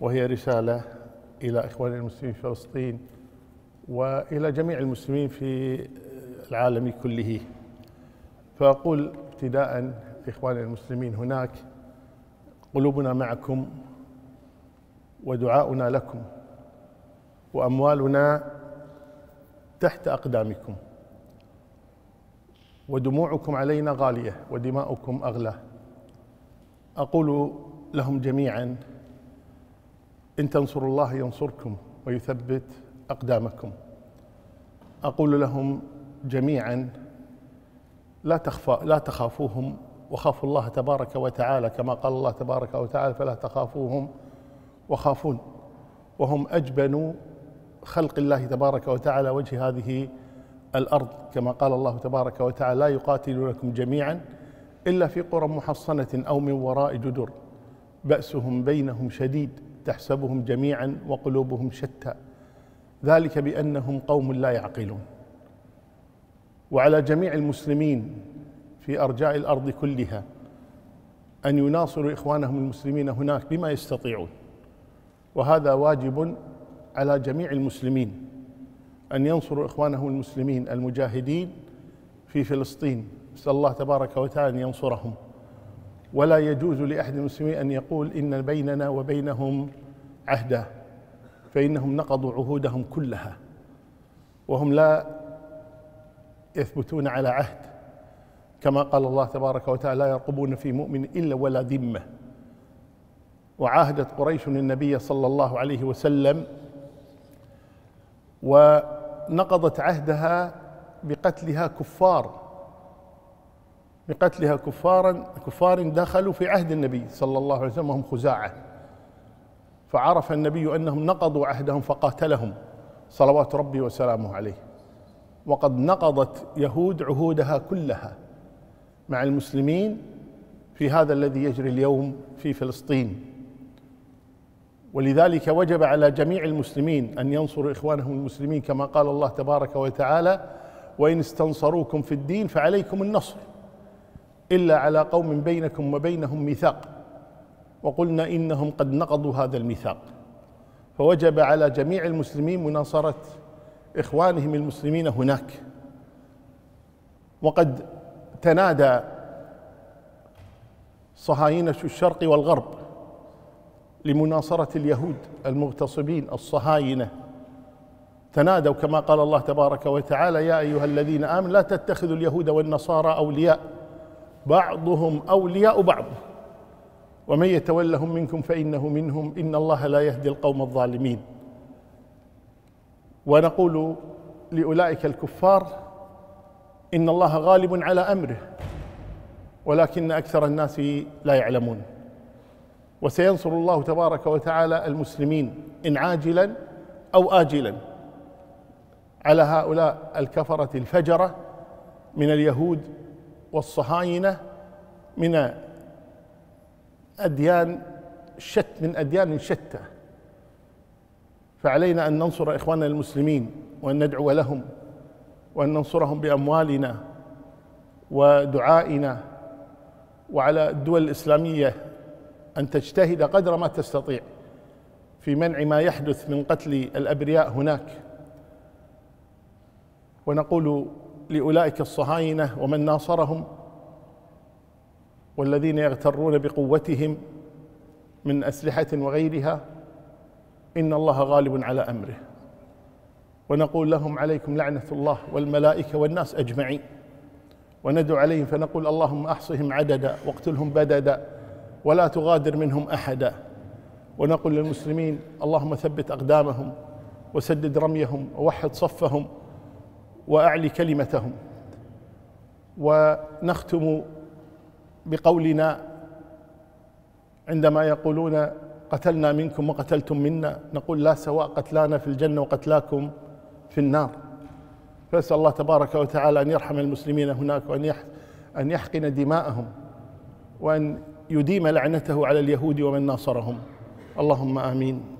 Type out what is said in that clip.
وهي رسالة إلى إخواننا المسلمين في فلسطين وإلى جميع المسلمين في العالم كله فأقول ابتداء إخواننا المسلمين هناك قلوبنا معكم ودعاؤنا لكم وأموالنا تحت أقدامكم ودموعكم علينا غالية ودماؤكم أغلى أقول لهم جميعاً إن تنصروا الله ينصركم ويثبت أقدامكم أقول لهم جميعا لا تخفى لا تخافوهم وخافوا الله تبارك وتعالى كما قال الله تبارك وتعالى فلا تخافوهم وخافون وهم أجبن خلق الله تبارك وتعالى وجه هذه الأرض كما قال الله تبارك وتعالى لا يقاتلونكم جميعا إلا في قرى محصنة أو من وراء جدر بأسهم بينهم شديد تحسبهم جميعا وقلوبهم شتى ذلك بانهم قوم لا يعقلون وعلى جميع المسلمين في ارجاء الارض كلها ان يناصروا اخوانهم المسلمين هناك بما يستطيعون وهذا واجب على جميع المسلمين ان ينصروا اخوانهم المسلمين المجاهدين في فلسطين نسال الله تبارك وتعالى ان ينصرهم ولا يجوز لأحد المسلمين أن يقول إن بيننا وبينهم عهدا فإنهم نقضوا عهودهم كلها وهم لا يثبتون على عهد كما قال الله تبارك وتعالى لا يرقبون في مؤمن إلا ولا ذمة وعاهدت قريش النبي صلى الله عليه وسلم ونقضت عهدها بقتلها كفار بقتلها كفارا كفار دخلوا في عهد النبي صلى الله عليه وسلم وهم خزاعة فعرف النبي أنهم نقضوا عهدهم فقاتلهم صلوات ربي وسلامه عليه وقد نقضت يهود عهودها كلها مع المسلمين في هذا الذي يجري اليوم في فلسطين ولذلك وجب على جميع المسلمين ان ينصروا اخوانهم المسلمين كما قال الله تبارك وتعالى وان استنصروكم في الدين فعليكم النصر إلا على قوم بينكم وبينهم ميثاق وقلنا إنهم قد نقضوا هذا الميثاق فوجب على جميع المسلمين مناصرة إخوانهم المسلمين هناك وقد تنادى صهاينة الشرق والغرب لمناصرة اليهود المغتصبين الصهاينة تنادوا كما قال الله تبارك وتعالى يا أيها الذين آمنوا لا تتخذوا اليهود والنصارى أولياء بعضهم أولياء بعض ومن يتولهم منكم فإنه منهم إن الله لا يهدي القوم الظالمين ونقول لأولئك الكفار إن الله غالب على أمره ولكن أكثر الناس لا يعلمون وسينصر الله تبارك وتعالى المسلمين إن عاجلا أو آجلا على هؤلاء الكفرة الفجرة من اليهود والصهاينة من أديان شت من أديان شتى فعلينا أن ننصر إخواننا المسلمين وأن ندعو لهم وأن ننصرهم بأموالنا ودعائنا وعلى الدول الإسلامية أن تجتهد قدر ما تستطيع في منع ما يحدث من قتل الأبرياء هناك ونقول لاولئك الصهاينه ومن ناصرهم والذين يغترون بقوتهم من اسلحه وغيرها ان الله غالب على امره ونقول لهم عليكم لعنه الله والملائكه والناس اجمعين وندعو عليهم فنقول اللهم احصهم عددا واقتلهم بددا ولا تغادر منهم احدا ونقول للمسلمين اللهم ثبت اقدامهم وسدد رميهم ووحد صفهم واعلي كلمتهم ونختم بقولنا عندما يقولون قتلنا منكم وقتلتم منا نقول لا سواء قتلانا في الجنه وقتلاكم في النار فاسال الله تبارك وتعالى ان يرحم المسلمين هناك وان ان يحقن دماءهم وان يديم لعنته على اليهود ومن ناصرهم اللهم امين